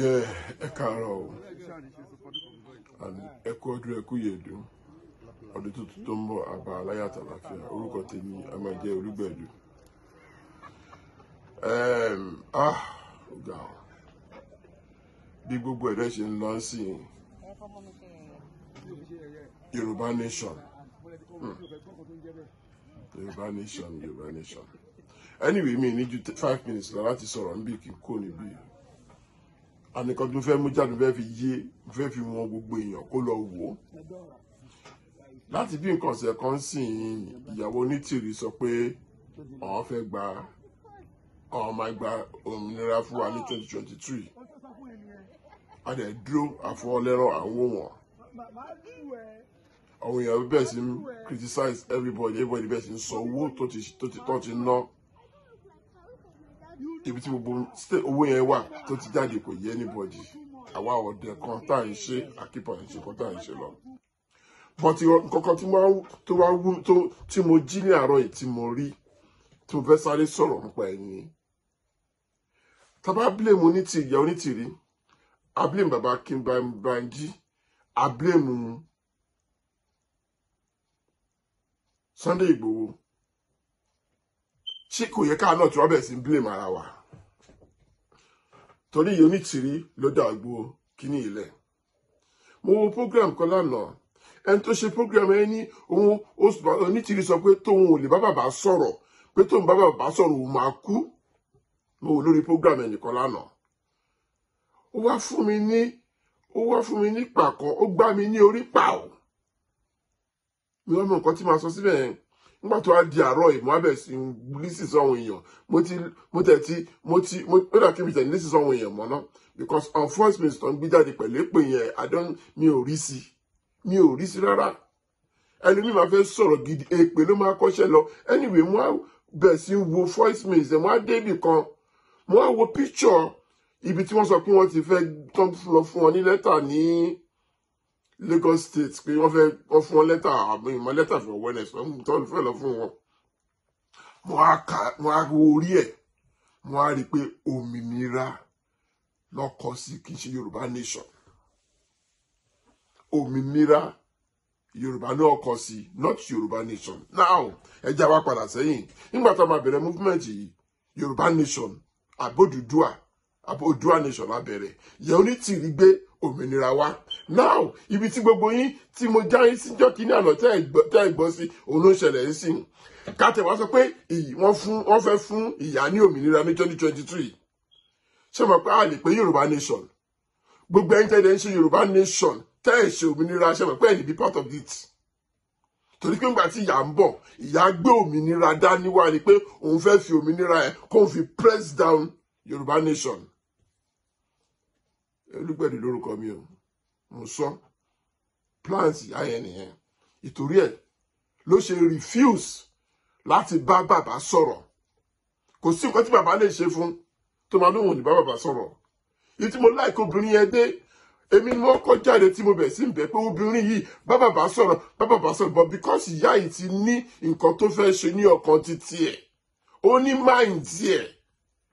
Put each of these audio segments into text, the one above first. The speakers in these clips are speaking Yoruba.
yẹ ẹ káàárọ̀ o ẹ kú ọdún ẹ kú yèdùn ọdún tuntun tó ń bọ̀ àbá aláyà tàlàfíà orúkọ tèmi a máa jẹ́ olúgbẹ̀dù ọgá o bí gbogbo ẹ̀rẹ́ ṣe ń lọ sí yorùbá nation hmm. yorùbá nation yorùbá nation. anyway mi ní ju five minutes lọ láti sọ̀rọ̀ níbi kí n kó níbí ànìkan tó fẹ́ mú jáde fẹ́ fi yé fẹ́ fi wọn gbogbo èèyàn kó lọ wò ó láti bí nǹkan ọ̀sẹ̀ kan sìn ìyàwó onítìrì sọ pé àwọn fẹ́ gba àwọn máa gba òmìnira fún wa ní twenty twenty three a dẹ̀ dúró àfọwọ́lẹ́rọ̀ àwọn wọn àwọn èèyàn bẹ̀rẹ̀ sí criticize everybody everybody bẹ̀rẹ̀ sí sọ owó tó ti ná ibi tí gbogbo owó yẹn wà tó ti jáde kò yé anybody àwa ọ̀dẹ kan tá à ń ṣe àkípọ̀ ẹ̀ ṣe kan tá à ń ṣe lọ. bọ́n ti kankan tí wá wú tí mo jí ní àárọ̀ yìí tí mo rí tí fẹ́ sáré sọ̀rọ̀ nípa ẹ̀yìn. tábà blame ní ti ìyá onítìrí a blame bàbá Kim Banji a blame Sunday Igboho ṣé kò yẹ káà náà tí wọ́n bẹ̀rẹ̀ sí blame ara wa torí Onítìrí ló dàgbò kíní ilẹ̀ mo wo program kan lánàá ẹni tó ṣe program ẹ ní òun Onítìrí sọ pé tóun ò lè bá bàbá sọ̀rọ̀ pé tóun bá bàbá sọ̀rọ̀ òun máa kú mo wò lórí program ẹnìkan lánàá ó wá fún mi ní ó wá fún mi ní pàkọ́ ó gbá mi ní orí pàó mi wọ́n mọ nǹkan tí màá sọ síbẹ̀ yẹn nígbà tó wá di àárọ̀ yìí mo wá bẹ̀rẹ̀ sí lísì sọ́wọ́n èèyàn mo ti mo tẹ̀ ti mo ti ó dà kí mi tẹ̀ lísì sọ́wọ́n èèyàn mọ́ because our first minister ń gbé jáde pẹ̀lú èpè yẹn adán mi ò rí sí mi ò rí sí rárá ẹni mi máa fẹ́ sọ̀rọ̀ gidi èpè ló máa kọ́ṣẹ́ lọ anyway mo wá bẹ̀rẹ̀ sí wo first minister mo wá débì kan mo wá wo picture ibi tí wọ́n sọ pé wọ́n ti fẹ́ tán lọ fún wọn ní lẹ́tà ní. Lagos State pé wọ́n fẹ́ kọ́ fún wọn lẹ́tà àmọ́ ìmọ̀ lẹ́tà for awareness wọ́n mú tọ́lù fẹ́ lọ fún wọn mo á kà mo á wo orí ẹ̀ mo á rí i pé òmìnira lọ́kọ sí kì í ṣe Yorùbá nation òmìnira Yorùbá náà kọ sí not Yorùbá nation now ẹ já wa padà sẹ́yìn nígbà tá a máa bẹ̀rẹ̀ movement yìí Yorùbá nation àbódùdúà àbódùà nation á bẹ̀rẹ̀ yẹn onítìrí gbé òmìnira wa now ibi tí gbogbo yín tí mo já yín síjọ́ kínní àná tẹ́ ìgbọ́n sí òun ló ń ṣẹlẹ̀ ń sìn kátẹ̀ wá sọ pé wọ́n fẹ́ fún ìyá ní òmìnira ní twenty twenty three ṣé mo pé a lè pé Yorùbá nation gbogbo ẹni tẹ́lẹ̀ ń ṣe Yorùbá nation tẹ́ ẹ̀ ṣe òmìnira ṣé mo pé ẹ̀ lè be part of it torí pé ńgbà tí ìyá ń bọ̀ ìyá gbé òmìnira dání wá ni pé òun fẹ́ fi òmìnira ẹ̀ kó fi press down Yorùbá nation Olúgbẹ̀dì lórúkọ mi o mo sọ plant ayẹ nìyẹn ìtorí ẹ̀ ló ṣe refuse láti bá bàbá sọ̀rọ̀ kò sí nǹkan tí bàbá lè ṣe fún tó máa lóhùn ní bá bàbá sọ̀rọ̀ èyí tí mo láìka obìnrin yẹn dé èmi ni wọ́n kọ́ jáde tí mo bẹ̀ sí bẹ̀ pé obìnrin yìí bá bàbá sọ̀rọ̀ bá bàbá sọ̀rọ̀ but because ìyá yìí ti ní nǹkan tó fẹ́ ṣe ní ọkàn títí ẹ̀ ó ní mind ẹ̀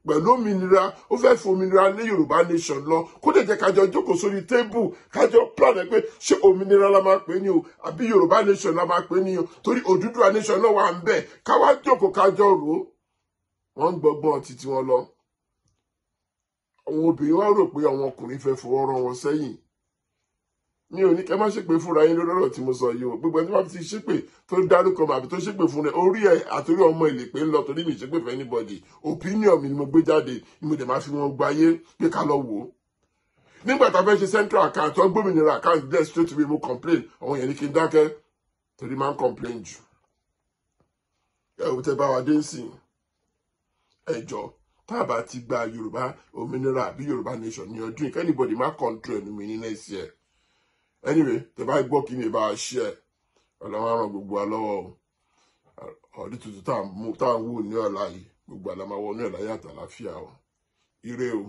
pẹ̀lú òmìnira ó fẹ́ fi òmìnira lé yorùbá nation lọ kó lè jẹ́ kájọ jókòó sórí tébù kájọ plan ẹ pé ṣé òmìnira la máa pè ní o àbí yorùbá nation la máa pè ní o torí Odùduwà nation náà wà ń bẹ̀ káwá jókòó kájọ rò ó wọ́n ń gbọ́gbọ́n títí wọn lọ àwọn obìnrin wá rò pé àwọn ọkùnrin fẹ́ fọwọ́ rán wọn sẹ́yìn mi ò ní kẹ́ má ṣépè fúnra yín lórí ọ̀rọ̀ tí mo sọ yìí o gbogbo ẹni bá ti ṣépè tó dárúkọ mi àbí tó ṣépè fún rẹ orí ẹ àtòrí ọmọ èlè pé ń lọ torí mi ṣépè fún anybody opinion mi ni mo gbé jáde ni mo dẹ̀ máa fi wọn gbáyé pé ká lọ wò ó nígbà tá a fẹ́ ṣe central account wọn gbómìnira account dẹ́ straight away mo complain àwọn yẹn ni kí n dákẹ́ torí máa ń complain jù ẹ ò tẹ bá wa dé sí ẹjọ́ tá a bá ti gba yorùbá òmìnira àbí yorùbá nation ní ọdún yìí kẹ́nìbọ̀dì má kọ́ńtró ẹnu mi ní next year anyway tẹ bá gbọ́ kí ni ìbá ṣe ẹ ọlọ́run ràn gbogbo wa lọ́wọ́ o ọdún tuntun tá à ń wò ní ọ̀la yìí gbogbo àlàmáwọ ní ọ̀la yàtọ̀ àlàáfíà o ire o.